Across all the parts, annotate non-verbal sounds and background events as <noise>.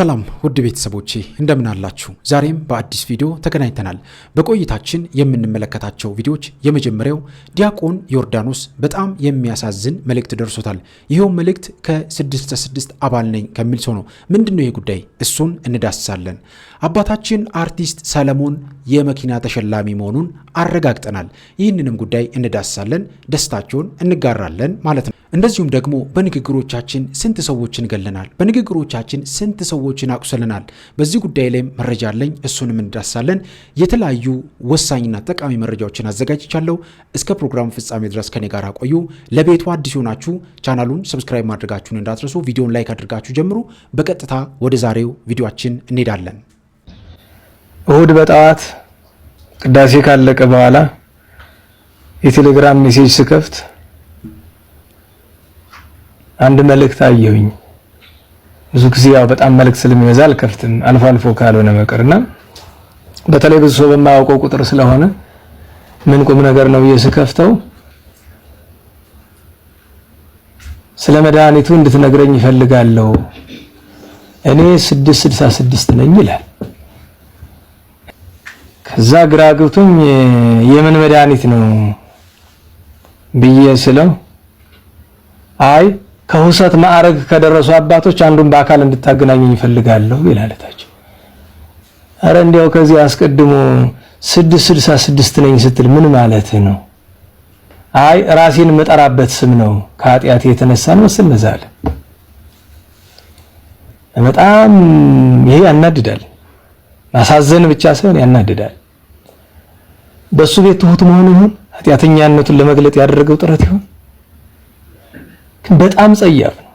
ሰላም ውድ ቤተሰቦቼ እንደምን አላችሁ? ዛሬም በአዲስ ቪዲዮ ተገናኝተናል። በቆይታችን የምንመለከታቸው ቪዲዮዎች የመጀመሪያው ዲያቆን ዮርዳኖስ በጣም የሚያሳዝን መልእክት ደርሶታል። ይኸው መልእክት ከ66 አባል ነኝ ከሚል ሰው ነው። ምንድን ነው ይህ ጉዳይ? እሱን እንዳስሳለን። አባታችን አርቲስት ሰለሞን የመኪና ተሸላሚ መሆኑን አረጋግጠናል። ይህንንም ጉዳይ እንዳስሳለን፣ ደስታቸውን እንጋራለን ማለት ነው። እንደዚሁም ደግሞ በንግግሮቻችን ስንት ሰዎችን ገለናል፣ በንግግሮቻችን ስንት ሰዎችን አቁሰልናል። በዚህ ጉዳይ ላይም መረጃ አለኝ፣ እሱንም እንዳስሳለን። የተለያዩ ወሳኝና ጠቃሚ መረጃዎችን አዘጋጅቻለሁ። እስከ ፕሮግራሙ ፍጻሜ ድረስ ከኔ ጋር ቆዩ። ለቤቱ አዲስ ሆናችሁ ቻናሉን ሰብስክራይብ ማድረጋችሁን እንዳትረሱ፣ ቪዲዮን ላይክ አድርጋችሁ ጀምሩ። በቀጥታ ወደ ዛሬው ቪዲዮችን እንሄዳለን። እሁድ በጠዋት ቅዳሴ ካለቀ በኋላ የቴሌግራም ሜሴጅ ስከፍት አንድ መልእክት አየሁኝ። ብዙ ጊዜ ያው በጣም መልእክት ስለሚበዛ አልከፍትም፣ አልፎ አልፎ ካልሆነ በቀርና በተለይ ብዙ ሰው በማያውቀው ቁጥር ስለሆነ ምን ቁም ነገር ነው ብዬ ስከፍተው ስለ መድኃኒቱ እንድትነግረኝ ይፈልጋለሁ እኔ ስድስት ስድስት ነኝ ይላል። ከዛ ግራ ገብቶኝ የምን መድኃኒት ነው ብዬ ስለው አይ ከሁሰት ማዕረግ ከደረሱ አባቶች አንዱን በአካል እንድታገናኙኝ ይፈልጋለሁ ይላለታቸው። አረ እንዲያው ከዚህ አስቀድሞ ስድስት ስድሳ ስድስት ነኝ ስትል ምን ማለት ነው? አይ ራሴን መጠራበት ስም ነው ከኃጢአቴ የተነሳን መስል ነዛለ። በጣም ይሄ ያናድዳል። ማሳዘን ብቻ ሳይሆን ያናድዳል። በእሱ ቤት ትሁት መሆኑ ይሁን ኃጢአተኛነቱን ለመግለጥ ያደረገው ጥረት ይሁን በጣም ጸያፍ ነው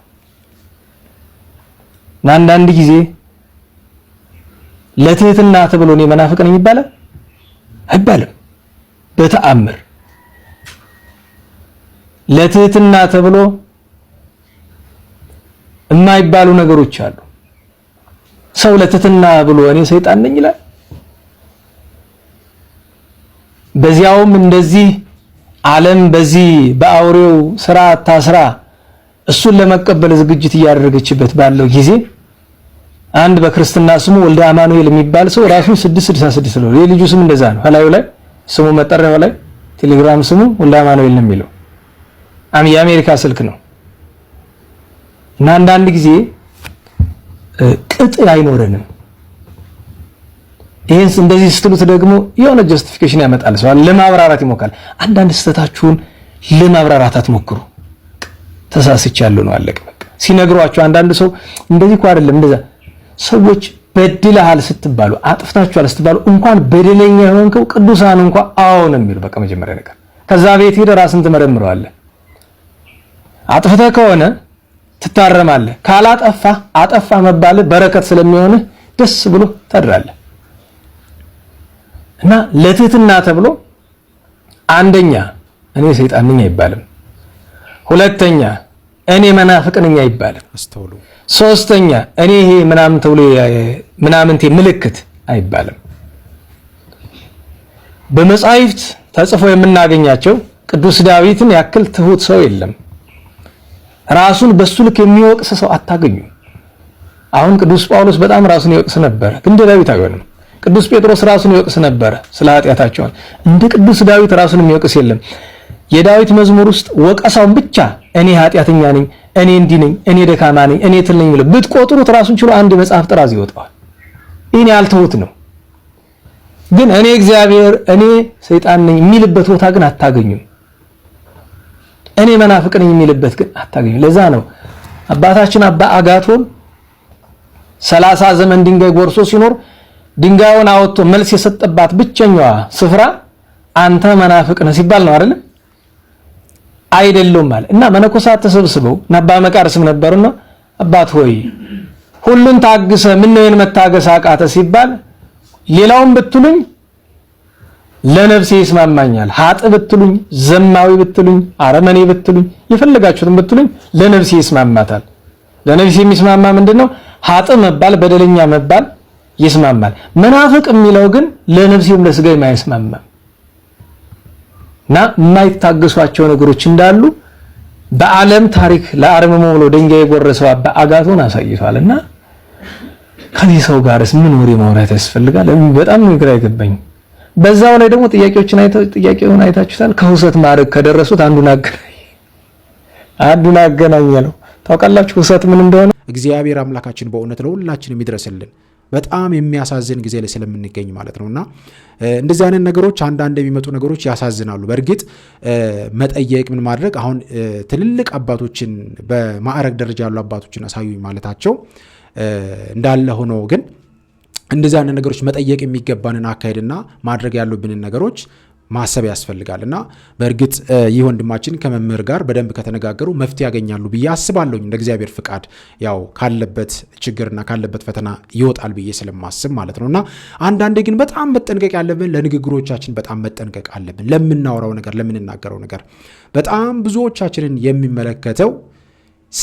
እና አንዳንድ ጊዜ ለትህትና ተብሎ እኔ መናፍቅ ነኝ ይባላል አይባልም። በተአምር ለትህትና ተብሎ የማይባሉ ነገሮች አሉ። ሰው ለትህትና ብሎ እኔ ሰይጣን ነኝ ይላል። በዚያውም እንደዚህ ዓለም በዚህ በአውሬው ስራ ታስራ እሱን ለመቀበል ዝግጅት እያደረገችበት ባለው ጊዜ አንድ በክርስትና ስሙ ወልደ አማኑኤል የሚባል ሰው ራሱን 666 ነው። የልጁ ስም እንደዛ ነው። ከላዩ ላይ ስሙ መጠሪያው ላይ ቴሌግራም ስሙ ወልደ አማኑኤል ነው የሚለው። አም የአሜሪካ ስልክ ነው እና አንዳንድ ጊዜ ቅጥ አይኖረንም። ይህን እንደዚህ ስትሉት ደግሞ የሆነ ጀስቲፊኬሽን ያመጣል። ሰው ለማብራራት ይሞካል። አንዳንድ ስህተታችሁን ለማብራራት አትሞክሩ። ተሳስቻለሁ ነው አለቀ። በቃ ሲነግሯችሁ አንዳንድ ሰው እንደዚህ እኮ አይደለም እንደዛ ሰዎች በድለሃል ስትባሉ አጥፍታችኋል ስትባሉ እንኳን በደለኛ የሆንከው ቅዱሳን እንኳ አዎ ነው የሚሉ በቃ መጀመሪያ ነገር። ከዛ ቤት ሄደ ራስን ትመረምረዋለህ። አጥፍተህ ከሆነ ትታረማለህ። ካላጠፋ አጠፋ መባልህ በረከት ስለሚሆንህ ደስ ብሎ ታድራለህ። እና ለትህትና ተብሎ አንደኛ እኔ ሰይጣን ነኝ አይባልም። ሁለተኛ እኔ መናፍቅ ነኝ አይባልም። ሶስተኛ እኔ ይሄ ምናምን ተብሎ ምናምንቴ ምልክት አይባልም። በመጻሕፍት ተጽፎ የምናገኛቸው ቅዱስ ዳዊትን ያክል ትሁት ሰው የለም። ራሱን በሱ ልክ የሚወቅስ ሰው አታገኙ። አሁን ቅዱስ ጳውሎስ በጣም ራሱን ይወቅስ ነበር፣ ግን ዳዊት አይሆንም። ቅዱስ ጴጥሮስ ራሱን ይወቅስ ነበር ስለ ኃጢአታቸውን። እንደ ቅዱስ ዳዊት ራሱን የሚወቅስ የለም። የዳዊት መዝሙር ውስጥ ወቀሳውን ብቻ እኔ ኃጢአተኛ ነኝ፣ እኔ እንዲህ ነኝ፣ እኔ ደካማ ነኝ፣ እኔ ትል ነኝ ብሎ ብትቆጥሩት ራሱን ችሎ አንድ መጽሐፍ ጥራዝ ይወጣዋል። ይህን ያልተውት ነው። ግን እኔ እግዚአብሔር እኔ ሰይጣን ነኝ የሚልበት ቦታ ግን አታገኙም። እኔ መናፍቅ ነኝ የሚልበት ግን አታገኙም። ለዛ ነው አባታችን አባ አጋቶን ሰላሳ ዘመን ድንጋይ ጎርሶ ሲኖር ድንጋዩን አወጥቶ መልስ የሰጠባት ብቸኛዋ ስፍራ አንተ መናፍቅ ነህ ሲባል ነው አይደል? አይደለም ማለት እና መነኮሳት ተሰብስበው አባ መቃርስም ነበሩና አባት ሆይ ሁሉን ታግሰ ምን ነው መታገስ አቃተ ሲባል ሌላውን ብትሉኝ ለነፍሴ ይስማማኛል፣ ሀጥ ብትሉኝ፣ ዘማዊ ብትሉኝ፣ አረመኔ ብትሉኝ፣ የፈለጋችሁትን ብትሉኝ ለነፍሴ ይስማማታል። ለነፍሴ የሚስማማ ምንድነው? ሀጥ መባል፣ በደለኛ መባል ይስማማል። መናፍቅ የሚለው ግን ለነፍስም ለስጋ የማይስማማ እና የማይታገሷቸው ነገሮች እንዳሉ በዓለም ታሪክ ለአርምሞ ብሎ ድንጋይ የጎረሰው አባ አጋቶን አሳይቷል። እና ከዚህ ሰው ጋርስ ምን ወሬ ማውራት ያስፈልጋል? በጣም ግራ አይገባኝ። በዛው ላይ ደግሞ ጥያቄዎችን ጥያቄውን አይታችሁታል። ከሁሰት ማዕረግ ከደረሱት አንዱን አገናኝ <laughs> አንዱን አገናኘ ነው። ታውቃላችሁ ሁሰት ምን እንደሆነ። እግዚአብሔር አምላካችን በእውነት ለሁላችንም ይድረስልን። በጣም የሚያሳዝን ጊዜ ላይ ስለምንገኝ ማለት ነው እና እንደዚህ አይነት ነገሮች አንዳንድ የሚመጡ ነገሮች ያሳዝናሉ። በእርግጥ መጠየቅ ምን ማድረግ አሁን ትልልቅ አባቶችን በማዕረግ ደረጃ ያሉ አባቶችን አሳዩኝ ማለታቸው እንዳለ ሆኖ ግን እንደዚህ አይነት ነገሮች መጠየቅ የሚገባንን አካሄድና ማድረግ ያሉብንን ነገሮች ማሰብ ያስፈልጋል እና በእርግጥ ይህ ወንድማችን ከመምህር ጋር በደንብ ከተነጋገሩ መፍትሄ ያገኛሉ ብዬ አስባለሁኝ። እንደ እግዚአብሔር ፍቃድ ያው ካለበት ችግርና ካለበት ፈተና ይወጣል ብዬ ስለማስብ ማለት ነው። እና አንዳንዴ ግን በጣም መጠንቀቅ ያለብን ለንግግሮቻችን በጣም መጠንቀቅ አለብን። ለምናወራው ነገር፣ ለምንናገረው ነገር በጣም ብዙዎቻችንን የሚመለከተው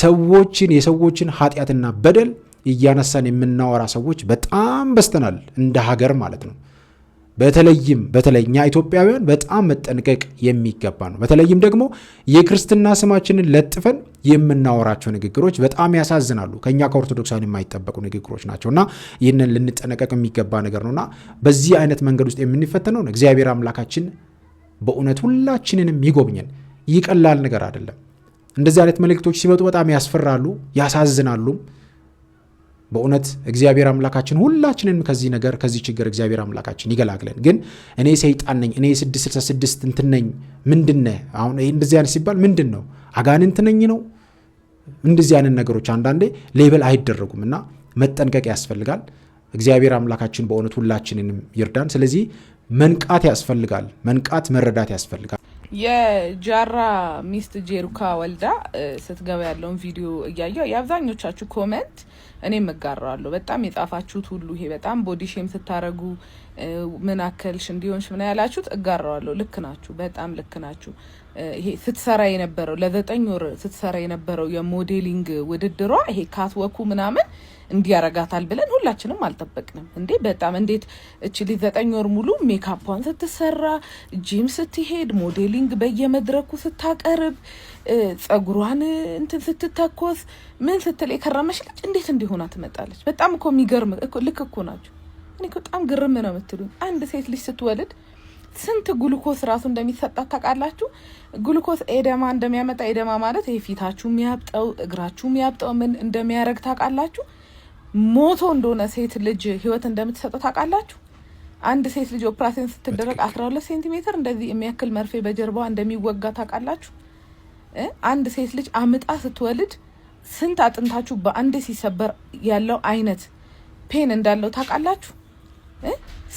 ሰዎችን የሰዎችን ኃጢአትና በደል እያነሳን የምናወራ ሰዎች በጣም በስተናል፣ እንደ ሀገር ማለት ነው። በተለይም በተለይ እኛ ኢትዮጵያውያን በጣም መጠንቀቅ የሚገባ ነው። በተለይም ደግሞ የክርስትና ስማችንን ለጥፈን የምናወራቸው ንግግሮች በጣም ያሳዝናሉ። ከእኛ ከኦርቶዶክሳን የማይጠበቁ ንግግሮች ናቸው እና ይህንን ልንጠነቀቅ የሚገባ ነገር እና በዚህ አይነት መንገድ ውስጥ የምንፈተነውን እግዚአብሔር አምላካችን በእውነት ሁላችንንም ይጎብኘን። ይቀላል ነገር አይደለም። እንደዚህ አይነት መልእክቶች ሲመጡ በጣም ያስፈራሉ፣ ያሳዝናሉም። በእውነት እግዚአብሔር አምላካችን ሁላችንም ከዚህ ነገር ከዚህ ችግር እግዚአብሔር አምላካችን ይገላግለን። ግን እኔ ሰይጣን ነኝ፣ እኔ 666 እንትን ነኝ፣ ምንድን ነህ አሁን እንደዚህ አይነት ሲባል ምንድን ነው አጋንንት ነኝ ነው። እንደዚህ አይነት ነገሮች አንዳንዴ ሌበል አይደረጉም እና መጠንቀቅ ያስፈልጋል። እግዚአብሔር አምላካችን በእውነት ሁላችንንም ይርዳን። ስለዚህ መንቃት ያስፈልጋል፣ መንቃት መረዳት ያስፈልጋል። የጃራ ሚስት ጄሩካ ወልዳ ስትገባ ያለውን ቪዲዮ እያየው የአብዛኞቻችሁ ኮመንት እኔም እጋራዋለሁ። በጣም የጻፋችሁት ሁሉ ይሄ በጣም ቦዲ ሼም ስታረጉ ምን አከልሽ እንዲሆንሽ ምን ያላችሁት እጋራዋለሁ። ልክ ናችሁ፣ በጣም ልክ ናችሁ። ይሄ ስትሰራ የነበረው ለዘጠኝ ወር ስትሰራ የነበረው የሞዴሊንግ ውድድሯ ይሄ ካትወኩ ምናምን እንዲያረጋታል ብለን ሁላችንም አልጠበቅንም። እንዴ በጣም እንዴት እች ልጅ ዘጠኝ ወር ሙሉ ሜካፖን ስትሰራ፣ ጂም ስትሄድ፣ ሞዴሊንግ በየመድረኩ ስታቀርብ፣ ጸጉሯን እንትን ስትተኮስ፣ ምን ስትል የከረመች ልጅ እንዴት እንዲሆና ትመጣለች? በጣም እኮ የሚገርም ልክ እኮ ናቸው። እኔ በጣም ግርም ነው የምትሉኝ። አንድ ሴት ልጅ ስትወልድ ስንት ግሉኮስ ራሱ እንደሚሰጣት ታውቃላችሁ? ግሉኮስ ኤደማ እንደሚያመጣ ኤደማ ማለት ይሄ ፊታችሁ የሚያብጠው እግራችሁ የሚያብጠው ምን እንደሚያደርግ ታውቃላችሁ? ሞቶ እንደሆነ ሴት ልጅ ህይወት እንደምትሰጠው ታውቃላችሁ? አንድ ሴት ልጅ ኦፕራሲን ስትደረግ አስራ ሁለት ሴንቲሜትር እንደዚህ የሚያክል መርፌ በጀርባዋ እንደሚወጋ ታውቃላችሁ? አንድ ሴት ልጅ አምጣ ስትወልድ ስንት አጥንታችሁ በአንዴ ሲሰበር ያለው አይነት ፔን እንዳለው ታውቃላችሁ?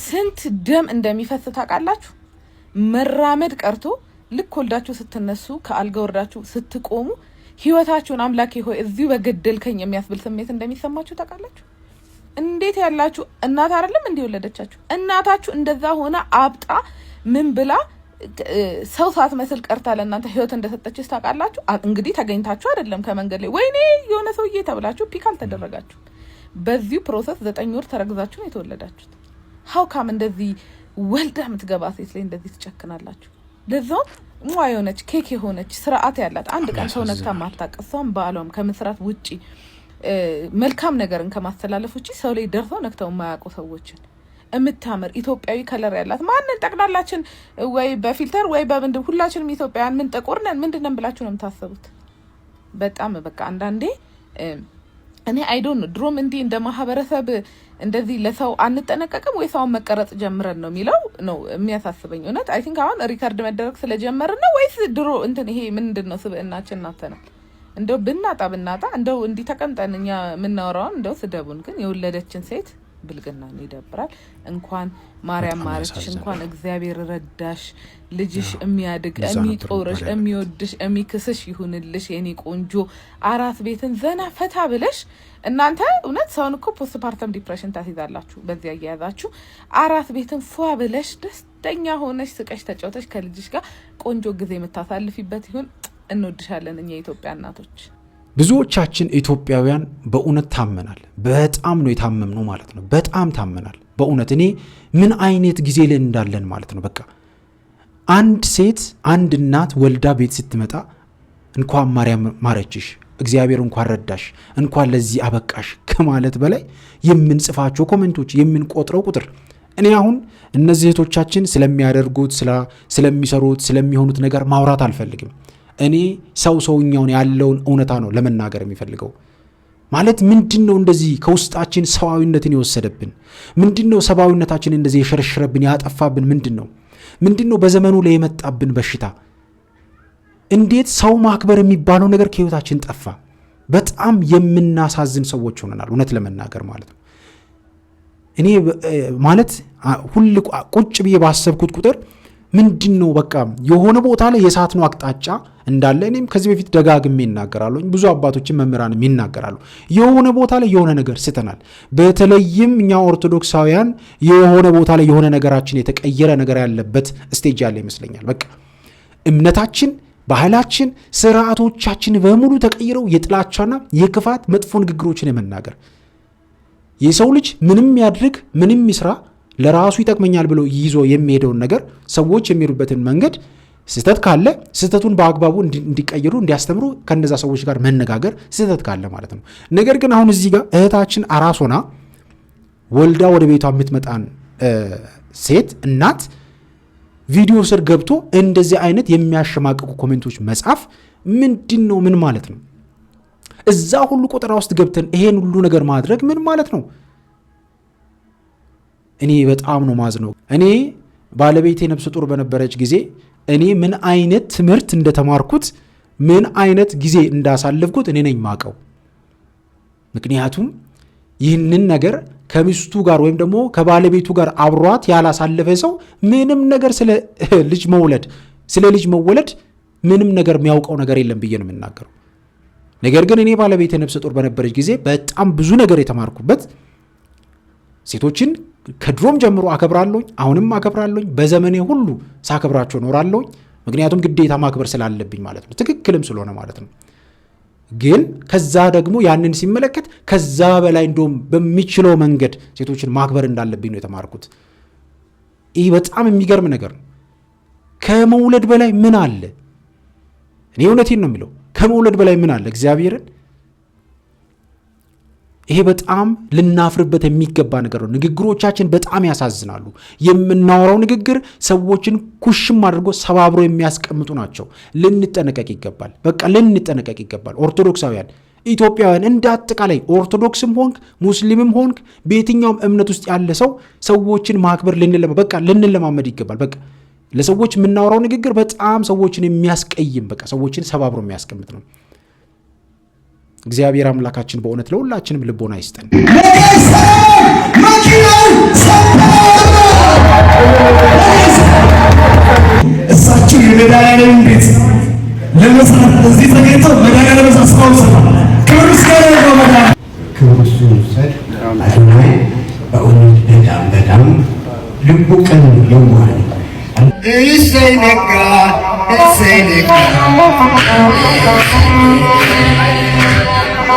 ስንት ደም እንደሚፈስ ታውቃላችሁ? መራመድ ቀርቶ ልክ ወልዳችሁ ስትነሱ ከአልጋ ወርዳችሁ ስትቆሙ ህይወታችሁን አምላኬ ሆይ እዚሁ በገደልከኝ የሚያስብል ስሜት እንደሚሰማችሁ ታውቃላችሁ? እንዴት ያላችሁ እናት አይደለም እንዲህ ወለደቻችሁ። እናታችሁ እንደዛ ሆነ አብጣ ምን ብላ ሰው ሳትመስል ቀርታ ለእናንተ ህይወት እንደሰጠችስ ታውቃላችሁ? እንግዲህ ተገኝታችሁ አይደለም ከመንገድ ላይ ወይኔ የሆነ ሰውዬ ተብላችሁ ፒክ አልተደረጋችሁ። በዚሁ ፕሮሰስ ዘጠኝ ወር ተረግዛችሁ ነው የተወለዳችሁት። ሀውካም እንደዚህ ወልዳ የምትገባ ሴት ላይ እንደዚህ ትጨክናላችሁ? ለዛውም ሟ የሆነች ኬክ የሆነች ስርዓት ያላት አንድ ቀን ሰው ነግታ ማታውቅ እሷም በአሏም ከመስራት ውጪ መልካም ነገርን ከማስተላለፍ ውጭ ሰው ላይ ደርሰው ነግተው የማያውቁ ሰዎችን የምታምር ኢትዮጵያዊ ከለር ያላት ማንን ጠቅላላችን ወይ በፊልተር ወይ በምንድ ሁላችንም ኢትዮጵያውያን ምን ጥቁር ነን ምንድን ነን ብላችሁ ነው የምታስቡት? በጣም በቃ አንዳንዴ እኔ አይዶን ድሮም እንዲህ እንደ ማህበረሰብ እንደዚህ ለሰው አንጠነቀቅም ወይ ሰውን መቀረጽ ጀምረን ነው የሚለው ነው የሚያሳስበኝ። እውነት አይ ቲንክ አሁን ሪከርድ መደረግ ስለጀመርን ነው ወይስ ድሮ እንትን ይሄ ምንድን ነው ስብእናችን ናተናል? እንደው ብናጣ ብናጣ እንደው እንዲህ ተቀምጠን እኛ የምናወራውን እንደው ስደቡን፣ ግን የወለደችን ሴት ብልግናን ይደብራል። እንኳን ማርያም ማረችሽ፣ እንኳን እግዚአብሔር ረዳሽ፣ ልጅሽ የሚያድግ የሚጦርሽ፣ የሚወድሽ፣ የሚክስሽ ይሁንልሽ የኔ ቆንጆ። አራት ቤትን ዘና ፈታ ብለሽ እናንተ እውነት ሰውን እኮ ፖስት ፓርተም ዲፕሬሽን ታስይዛላችሁ። በዚህ አያያዛችሁ አራት ቤትን ፏ ብለሽ ደስተኛ ሆነሽ ስቀሽ ተጫውተሽ ከልጅሽ ጋር ቆንጆ ጊዜ የምታሳልፊበት ይሁን። እንወድሻለን እኛ የኢትዮጵያ እናቶች። ብዙዎቻችን ኢትዮጵያውያን በእውነት ታመናል። በጣም ነው የታመምነው ማለት ነው። በጣም ታመናል በእውነት እኔ ምን አይነት ጊዜ ላይ እንዳለን ማለት ነው። በቃ አንድ ሴት አንድ እናት ወልዳ ቤት ስትመጣ እንኳን ማርያም ማረችሽ፣ እግዚአብሔር እንኳን ረዳሽ፣ እንኳን ለዚህ አበቃሽ ከማለት በላይ የምንጽፋቸው ኮሜንቶች፣ የምንቆጥረው ቁጥር እኔ አሁን እነዚህ እህቶቻችን ስለሚያደርጉት ስለሚሰሩት፣ ስለሚሆኑት ነገር ማውራት አልፈልግም። እኔ ሰው ሰውኛውን ያለውን እውነታ ነው ለመናገር የሚፈልገው። ማለት ምንድን ነው እንደዚህ ከውስጣችን ሰብአዊነትን የወሰደብን ምንድን ነው? ሰብአዊነታችን እንደዚህ የሸረሸረብን ያጠፋብን ምንድን ነው? ምንድን ነው በዘመኑ ላይ የመጣብን በሽታ? እንዴት ሰው ማክበር የሚባለው ነገር ከህይወታችን ጠፋ? በጣም የምናሳዝን ሰዎች ሆነናል፣ እውነት ለመናገር ማለት ነው። እኔ ማለት ሁል ቁጭ ብዬ ባሰብኩት ቁጥር ምንድን ነው በቃ የሆነ ቦታ ላይ የሳት ነው አቅጣጫ እንዳለ እኔም ከዚህ በፊት ደጋግሜ ይናገራሉኝ ብዙ አባቶችን መምህራንም ይናገራሉ። የሆነ ቦታ ላይ የሆነ ነገር ስተናል። በተለይም እኛ ኦርቶዶክሳውያን የሆነ ቦታ ላይ የሆነ ነገራችን የተቀየረ ነገር ያለበት ስቴጅ ያለ ይመስለኛል። በቃ እምነታችን፣ ባህላችን፣ ስርዓቶቻችን በሙሉ ተቀይረው የጥላቻና የክፋት መጥፎ ንግግሮችን የመናገር የሰው ልጅ ምንም ያድርግ ምንም ይስራ ለራሱ ይጠቅመኛል ብሎ ይዞ የሚሄደውን ነገር ሰዎች የሚሄዱበትን መንገድ ስህተት ካለ ስህተቱን በአግባቡ እንዲቀይሩ እንዲያስተምሩ ከነዛ ሰዎች ጋር መነጋገር ስህተት ካለ ማለት ነው። ነገር ግን አሁን እዚህ ጋር እህታችን አራሶና ወልዳ ወደ ቤቷ የምትመጣን ሴት እናት ቪዲዮ ስር ገብቶ እንደዚህ አይነት የሚያሸማቅቁ ኮሜንቶች መጻፍ ምንድን ነው? ምን ማለት ነው? እዛ ሁሉ ቆጠራ ውስጥ ገብተን ይሄን ሁሉ ነገር ማድረግ ምን ማለት ነው? እኔ በጣም ነው ማዝ ነው። እኔ ባለቤቴ ነፍሰ ጡር በነበረች ጊዜ እኔ ምን አይነት ትምህርት እንደተማርኩት ምን አይነት ጊዜ እንዳሳለፍኩት እኔ ነኝ ማቀው። ምክንያቱም ይህንን ነገር ከሚስቱ ጋር ወይም ደግሞ ከባለቤቱ ጋር አብሯት ያላሳለፈ ሰው ምንም ነገር ስለ <laughs> ልጅ መውለድ ስለ ልጅ መወለድ ምንም ነገር የሚያውቀው ነገር የለም ብዬ ነው የምናገረው። ነገር ግን እኔ ባለቤቴ ነፍሰ ጡር በነበረች ጊዜ በጣም ብዙ ነገር የተማርኩበት ሴቶችን ከድሮም ጀምሮ አከብራለሁኝ፣ አሁንም አከብራለሁኝ፣ በዘመኔ ሁሉ ሳከብራቸው ኖራለሁኝ። ምክንያቱም ግዴታ ማክበር ስላለብኝ ማለት ነው፣ ትክክልም ስለሆነ ማለት ነው። ግን ከዛ ደግሞ ያንን ሲመለከት ከዛ በላይ እንደውም በሚችለው መንገድ ሴቶችን ማክበር እንዳለብኝ ነው የተማርኩት። ይህ በጣም የሚገርም ነገር ነው። ከመውለድ በላይ ምን አለ? እኔ እውነቴን ነው የሚለው ከመውለድ በላይ ምን አለ? እግዚአብሔርን ይሄ በጣም ልናፍርበት የሚገባ ነገር ነው። ንግግሮቻችን በጣም ያሳዝናሉ። የምናወራው ንግግር ሰዎችን ኩሽም አድርጎ ሰባብሮ የሚያስቀምጡ ናቸው። ልንጠነቀቅ ይገባል። በቃ ልንጠነቀቅ ይገባል። ኦርቶዶክሳውያን ኢትዮጵያውያን እንደ አጠቃላይ ኦርቶዶክስም ሆንክ ሙስሊምም ሆንክ በየትኛውም እምነት ውስጥ ያለ ሰው ሰዎችን ማክበር በቃ ልንለማመድ ይገባል። በቃ ለሰዎች የምናወራው ንግግር በጣም ሰዎችን የሚያስቀይም በቃ ሰዎችን ሰባብሮ የሚያስቀምጥ ነው። እግዚአብሔር አምላካችን በእውነት ለሁላችንም ልቦና ይስጠን። እሳቸው የመድኃኒዓለም ቤት ለመስራት እዚህ ተገኝተው መድኃኒዓለም በእውነት በጣም በጣም ልቡ ቀን እሰይ ነጋ እሰይ ነጋ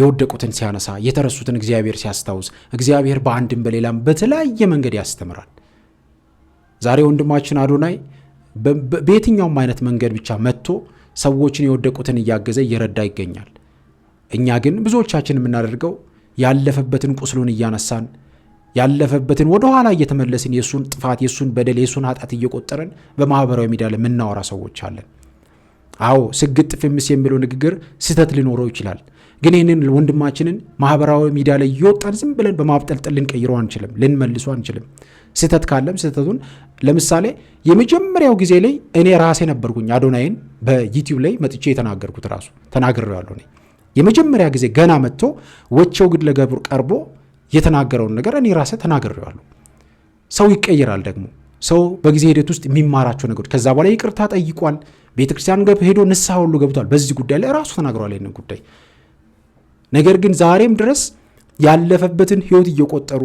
የወደቁትን ሲያነሳ፣ የተረሱትን እግዚአብሔር ሲያስታውስ፣ እግዚአብሔር በአንድም በሌላም በተለያየ መንገድ ያስተምራል። ዛሬ ወንድማችን አዶናይ በየትኛውም አይነት መንገድ ብቻ መጥቶ ሰዎችን የወደቁትን እያገዘ እየረዳ ይገኛል። እኛ ግን ብዙዎቻችን የምናደርገው ያለፈበትን ቁስሉን እያነሳን ያለፈበትን ወደ ኋላ እየተመለስን የእሱን ጥፋት የእሱን በደል የእሱን ኃጢአት እየቆጠረን በማህበራዊ ሚዲያ ላይ የምናወራ ሰዎች አለን። አዎ ስግጥ ፍምስ የሚለው ንግግር ስህተት ሊኖረው ይችላል። ግን ይህንን ወንድማችንን ማህበራዊ ሚዲያ ላይ እየወጣን ዝም ብለን በማብጠልጠል ልንቀይረው አንችልም፣ ልንመልሱ አንችልም። ስህተት ካለም ስህተቱን ለምሳሌ የመጀመሪያው ጊዜ ላይ እኔ ራሴ ነበርኩኝ አዶናይን በዩቲዩብ ላይ መጥቼ የተናገርኩት ራሱ ተናግሬዋለሁ። እኔ የመጀመሪያ ጊዜ ገና መጥቶ ወቸው ግድ ለገብር ቀርቦ የተናገረውን ነገር እኔ ራሴ ተናግሬዋለሁ። ሰው ይቀይራል ደግሞ ሰው በጊዜ ሂደት ውስጥ የሚማራቸው ነገሮች ከዛ በኋላ ይቅርታ ጠይቋል። ቤተክርስቲያን ሄዶ ንስሐ ሁሉ ገብቷል። በዚህ ጉዳይ ላይ ራሱ ተናግረዋል ይህንን ጉዳይ ነገር ግን ዛሬም ድረስ ያለፈበትን ህይወት እየቆጠሩ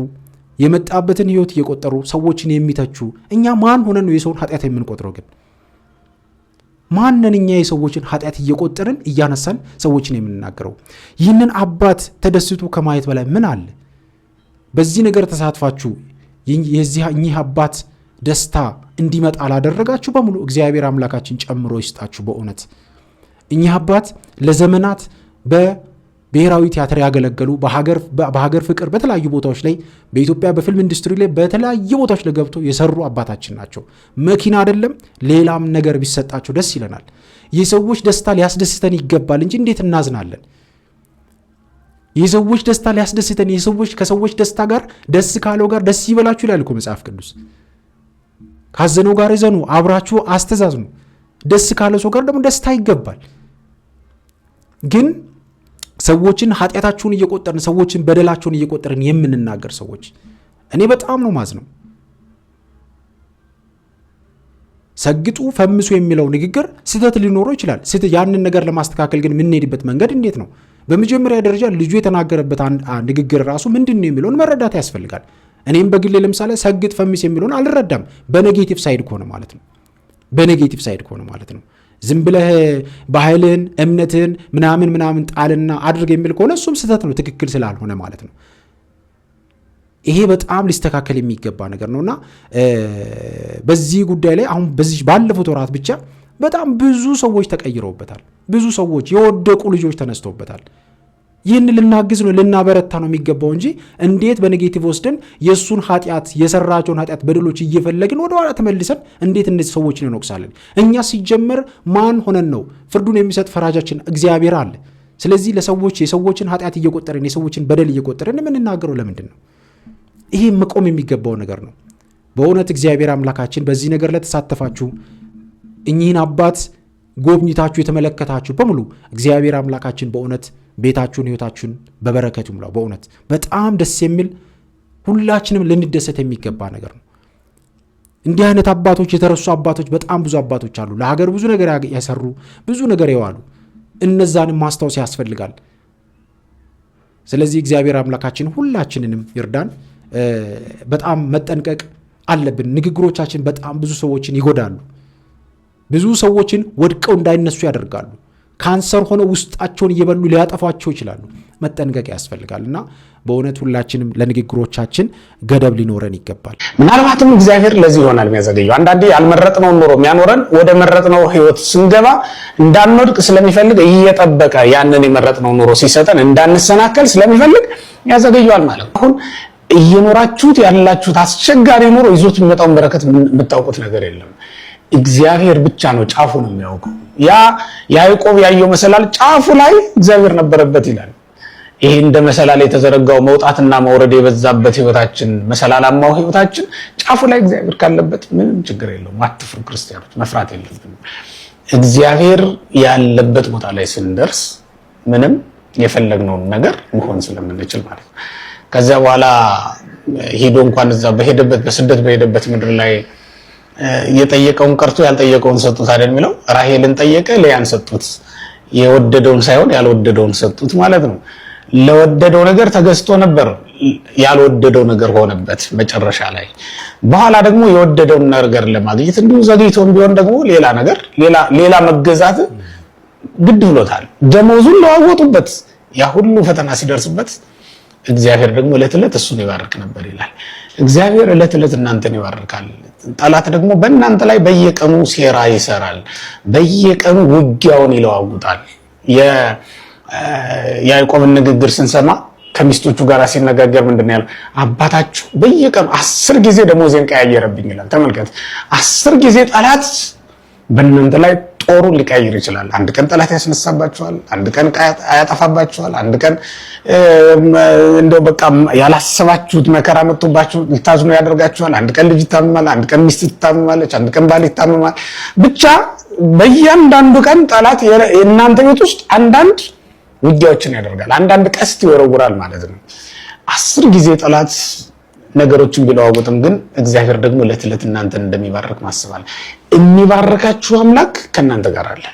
የመጣበትን ህይወት እየቆጠሩ ሰዎችን የሚተቹ እኛ ማን ሆነን ነው የሰውን ኃጢአት የምንቆጥረው? ግን ማንን እኛ የሰዎችን ኃጢአት እየቆጠርን እያነሳን ሰዎችን የምንናገረው? ይህንን አባት ተደስቶ ከማየት በላይ ምን አለ? በዚህ ነገር ተሳትፋችሁ እኚህ አባት ደስታ እንዲመጣ አላደረጋችሁ በሙሉ እግዚአብሔር አምላካችን ጨምሮ ይስጣችሁ። በእውነት እኚህ አባት ለዘመናት በ ብሔራዊ ቲያትር ያገለገሉ በሀገር ፍቅር በተለያዩ ቦታዎች ላይ በኢትዮጵያ በፊልም ኢንዱስትሪ ላይ በተለያዩ ቦታዎች ላይ ገብቶ የሰሩ አባታችን ናቸው። መኪና አይደለም ሌላም ነገር ቢሰጣቸው ደስ ይለናል። የሰዎች ደስታ ሊያስደስተን ይገባል እንጂ እንዴት እናዝናለን? የሰዎች ደስታ ሊያስደስተን የሰዎች ከሰዎች ደስታ ጋር ደስ ካለው ጋር ደስ ይበላችሁ ይላል እኮ መጽሐፍ ቅዱስ። ካዘነው ጋር ይዘኑ፣ አብራችሁ አስተዛዝኑ። ደስ ካለው ሰው ጋር ደግሞ ደስታ ይገባል ግን ሰዎችን ኃጢአታቸውን እየቆጠርን ሰዎችን በደላቸውን እየቆጠርን የምንናገር ሰዎች እኔ በጣም ነው ማዝ ነው። ሰግጡ ፈምሱ የሚለው ንግግር ስህተት ሊኖረው ይችላል። ያንን ነገር ለማስተካከል ግን የምንሄድበት መንገድ እንዴት ነው? በመጀመሪያ ደረጃ ልጁ የተናገረበት ንግግር ራሱ ምንድን ነው የሚለውን መረዳት ያስፈልጋል። እኔም በግሌ ለምሳሌ ሰግጥ ፈምስ የሚለውን አልረዳም። በኔጌቲቭ ሳይድ ከሆነ ማለት ነው። በኔጌቲቭ ሳይድ ከሆነ ማለት ነው ዝም ብለህ ባህልን እምነትን ምናምን ምናምን ጣልና አድርግ የሚል ከሆነ እሱም ስህተት ነው፣ ትክክል ስላልሆነ ማለት ነው። ይሄ በጣም ሊስተካከል የሚገባ ነገር ነውና በዚህ ጉዳይ ላይ አሁን በዚህ ባለፉት ወራት ብቻ በጣም ብዙ ሰዎች ተቀይረውበታል። ብዙ ሰዎች የወደቁ ልጆች ተነስተውበታል። ይህን ልናግዝ ነው ልናበረታ ነው የሚገባው እንጂ እንዴት በኔጌቲቭ ወስደን የእሱን ኃጢአት የሰራቸውን ኃጢአት በደሎች እየፈለግን ወደ ኋላ ተመልሰን እንዴት እነዚህ ሰዎችን እንወቅሳለን? እኛ ሲጀመር ማን ሆነን ነው? ፍርዱን የሚሰጥ ፈራጃችን እግዚአብሔር አለ። ስለዚህ ለሰዎች የሰዎችን ኃጢአት እየቆጠረን የሰዎችን በደል እየቆጠረን የምንናገረው ለምንድን ነው? ይሄ መቆም የሚገባው ነገር ነው። በእውነት እግዚአብሔር አምላካችን በዚህ ነገር ላይ ተሳተፋችሁ እኚህን አባት ጎብኝታችሁ የተመለከታችሁ በሙሉ እግዚአብሔር አምላካችን በእውነት ቤታችሁን፣ ህይወታችሁን በበረከት ይሙላው። በእውነት በጣም ደስ የሚል ሁላችንም ልንደሰት የሚገባ ነገር ነው። እንዲህ አይነት አባቶች የተረሱ አባቶች በጣም ብዙ አባቶች አሉ። ለሀገር ብዙ ነገር ያሰሩ ብዙ ነገር የዋሉ እነዛንም ማስታወስ ያስፈልጋል። ስለዚህ እግዚአብሔር አምላካችን ሁላችንንም ይርዳን። በጣም መጠንቀቅ አለብን። ንግግሮቻችን በጣም ብዙ ሰዎችን ይጎዳሉ። ብዙ ሰዎችን ወድቀው እንዳይነሱ ያደርጋሉ። ካንሰር ሆነው ውስጣቸውን እየበሉ ሊያጠፏቸው ይችላሉ። መጠንቀቅ ያስፈልጋል እና በእውነት ሁላችንም ለንግግሮቻችን ገደብ ሊኖረን ይገባል። ምናልባትም እግዚአብሔር ለዚህ ይሆናል የሚያዘገየው። አንዳንዴ ያልመረጥነውን ኖሮ የሚያኖረን ወደ መረጥነው ሕይወት ስንገባ እንዳንወድቅ ስለሚፈልግ እየጠበቀ ያንን የመረጥነው ኖሮ ሲሰጠን እንዳንሰናከል ስለሚፈልግ ያዘገየዋል ማለት ነው። አሁን እየኖራችሁት ያላችሁት አስቸጋሪ ኑሮ ይዞት የሚመጣውን በረከት የምታውቁት ነገር የለም። እግዚአብሔር ብቻ ነው ጫፉ ነው የሚያውቀው። ያ ያዕቆብ ያየው መሰላል ጫፉ ላይ እግዚአብሔር ነበረበት ይላል። ይሄ እንደ መሰላል የተዘረጋው መውጣትና መውረድ የበዛበት ህይወታችን፣ መሰላላማው ህይወታችን ጫፉ ላይ እግዚአብሔር ካለበት ምንም ችግር የለውም። አትፍሩ ክርስቲያኖች፣ መፍራት የለብንም። እግዚአብሔር ያለበት ቦታ ላይ ስንደርስ ምንም የፈለግነውን ነገር መሆን ስለምንችል ማለት ነው። ከዚያ በኋላ ሄዶ እንኳን እዛ በሄደበት በስደት በሄደበት ምድር ላይ የጠየቀውን ቀርቶ ያልጠየቀውን ሰጡት አይደል የሚለው ራሄልን ጠየቀ ለያን ሰጡት የወደደውን ሳይሆን ያልወደደውን ሰጡት ማለት ነው ለወደደው ነገር ተገዝቶ ነበር ያልወደደው ነገር ሆነበት መጨረሻ ላይ በኋላ ደግሞ የወደደውን ነገር ለማግኘት እንዲሁ ዘግይቶም ቢሆን ደግሞ ሌላ ነገር ሌላ መገዛት ግድ ብሎታል ደሞዙን ለዋወጡበት ያ ሁሉ ፈተና ሲደርስበት እግዚአብሔር ደግሞ እለት እለት እሱን ይባርክ ነበር ይላል እግዚአብሔር እለት እለት እናንተን ይባርካል ጠላት ደግሞ በእናንተ ላይ በየቀኑ ሴራ ይሰራል፣ በየቀኑ ውጊያውን ይለዋውጣል። የያዕቆብን ንግግር ስንሰማ ከሚስቶቹ ጋር ሲነጋገር ምንድን ያለው? አባታችሁ በየቀኑ አስር ጊዜ ደሞዜን ቀያየረብኝ ይላል። ተመልከት፣ አስር ጊዜ ጠላት በእናንተ ላይ ጦሩን ሊቀይር ይችላል። አንድ ቀን ጠላት ያስነሳባቸዋል፣ አንድ ቀን ያጠፋባቸዋል፣ አንድ ቀን እንደው በቃ ያላሰባችሁት መከራ መጥቶባችሁ ልታዝኑ ያደርጋችኋል። አንድ ቀን ልጅ ይታመማል፣ አንድ ቀን ሚስት ትታመማለች፣ አንድ ቀን ባል ይታመማል። ብቻ በእያንዳንዱ ቀን ጠላት እናንተ ቤት ውስጥ አንዳንድ ውጊያዎችን ያደርጋል፣ አንዳንድ ቀስት ይወረውራል ማለት ነው። አስር ጊዜ ጠላት ነገሮችን ቢለዋወጥም ግን እግዚአብሔር ደግሞ ዕለት ዕለት እናንተን እንደሚባርክ ማስባል የሚባርካችሁ አምላክ ከእናንተ ጋር አለ።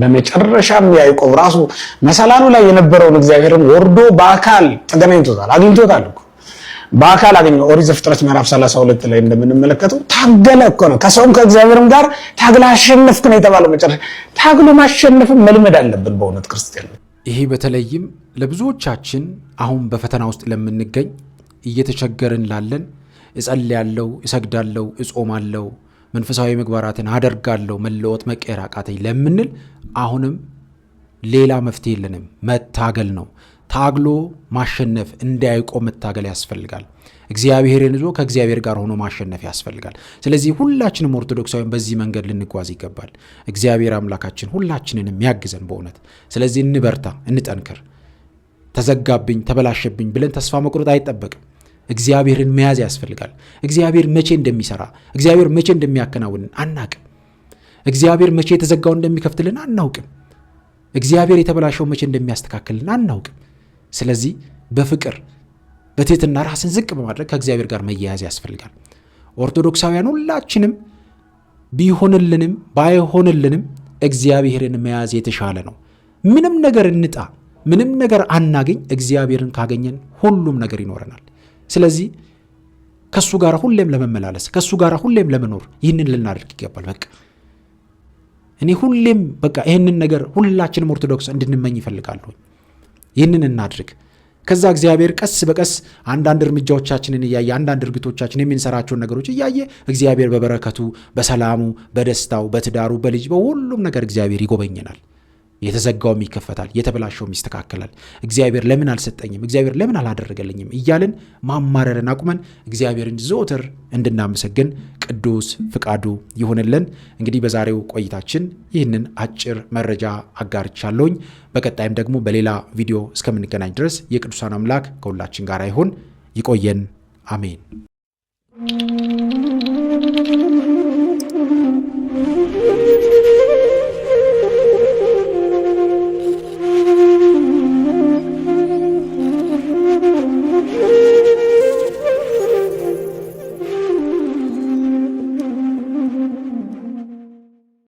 በመጨረሻም ያዕቆብ ራሱ መሰላሉ ላይ የነበረውን እግዚአብሔርን ወርዶ በአካል ተገናኝቶታል፣ አግኝቶታል እኮ በአካል አገኘው። ኦሪት ዘፍጥረት ምዕራፍ 32 ላይ እንደምንመለከተው ታገለ እኮ ነው። ከሰውም ከእግዚአብሔርም ጋር ታግለ አሸነፍክ ነው የተባለው። መጨረሻ ታግሎ ማሸነፍን መልመድ አለብን። በእውነት ክርስቲያን ይሄ በተለይም ለብዙዎቻችን አሁን በፈተና ውስጥ ለምንገኝ እየተቸገርን ላለን እጸልያለሁ፣ እሰግዳለው እጾማለው፣ መንፈሳዊ ምግባራትን አደርጋለው መለወጥ መቀየር አቃተኝ ለምንል አሁንም ሌላ መፍትሄ የለንም፣ መታገል ነው። ታግሎ ማሸነፍ እንዳይቆም መታገል ያስፈልጋል። እግዚአብሔርን ይዞ ከእግዚአብሔር ጋር ሆኖ ማሸነፍ ያስፈልጋል። ስለዚህ ሁላችንም ኦርቶዶክሳዊን በዚህ መንገድ ልንጓዝ ይገባል። እግዚአብሔር አምላካችን ሁላችንን ያግዘን በእውነት ስለዚህ እንበርታ፣ እንጠንክር። ተዘጋብኝ፣ ተበላሸብኝ ብለን ተስፋ መቁረጥ አይጠበቅም። እግዚአብሔርን መያዝ ያስፈልጋል። እግዚአብሔር መቼ እንደሚሰራ እግዚአብሔር መቼ እንደሚያከናውንን አናቅም። እግዚአብሔር መቼ የተዘጋውን እንደሚከፍትልን አናውቅም። እግዚአብሔር የተበላሸው መቼ እንደሚያስተካክልን አናውቅም። ስለዚህ በፍቅር በትህትና ራስን ዝቅ በማድረግ ከእግዚአብሔር ጋር መያያዝ ያስፈልጋል። ኦርቶዶክሳውያን ሁላችንም ቢሆንልንም ባይሆንልንም እግዚአብሔርን መያዝ የተሻለ ነው። ምንም ነገር እንጣ፣ ምንም ነገር አናገኝ፣ እግዚአብሔርን ካገኘን ሁሉም ነገር ይኖረናል። ስለዚህ ከእሱ ጋር ሁሌም ለመመላለስ ከእሱ ጋር ሁሌም ለመኖር ይህንን ልናደርግ ይገባል። በቃ እኔ ሁሌም በቃ ይህንን ነገር ሁላችንም ኦርቶዶክስ እንድንመኝ ይፈልጋሉ። ይህንን እናድርግ። ከዛ እግዚአብሔር ቀስ በቀስ አንዳንድ እርምጃዎቻችንን እያየ አንዳንድ እርግቶቻችን የምንሰራቸውን ነገሮች እያየ እግዚአብሔር በበረከቱ፣ በሰላሙ፣ በደስታው፣ በትዳሩ፣ በልጅ በሁሉም ነገር እግዚአብሔር ይጎበኘናል። የተዘጋውም ይከፈታል፣ የተበላሸውም ይስተካከላል። እግዚአብሔር ለምን አልሰጠኝም፣ እግዚአብሔር ለምን አላደረገልኝም እያልን ማማረርን አቁመን እግዚአብሔርን ዘወትር እንድናመሰግን ቅዱስ ፍቃዱ ይሆንልን። እንግዲህ በዛሬው ቆይታችን ይህንን አጭር መረጃ አጋርቻለሁኝ። በቀጣይም ደግሞ በሌላ ቪዲዮ እስከምንገናኝ ድረስ የቅዱሳን አምላክ ከሁላችን ጋር ይሁን። ይቆየን። አሜን።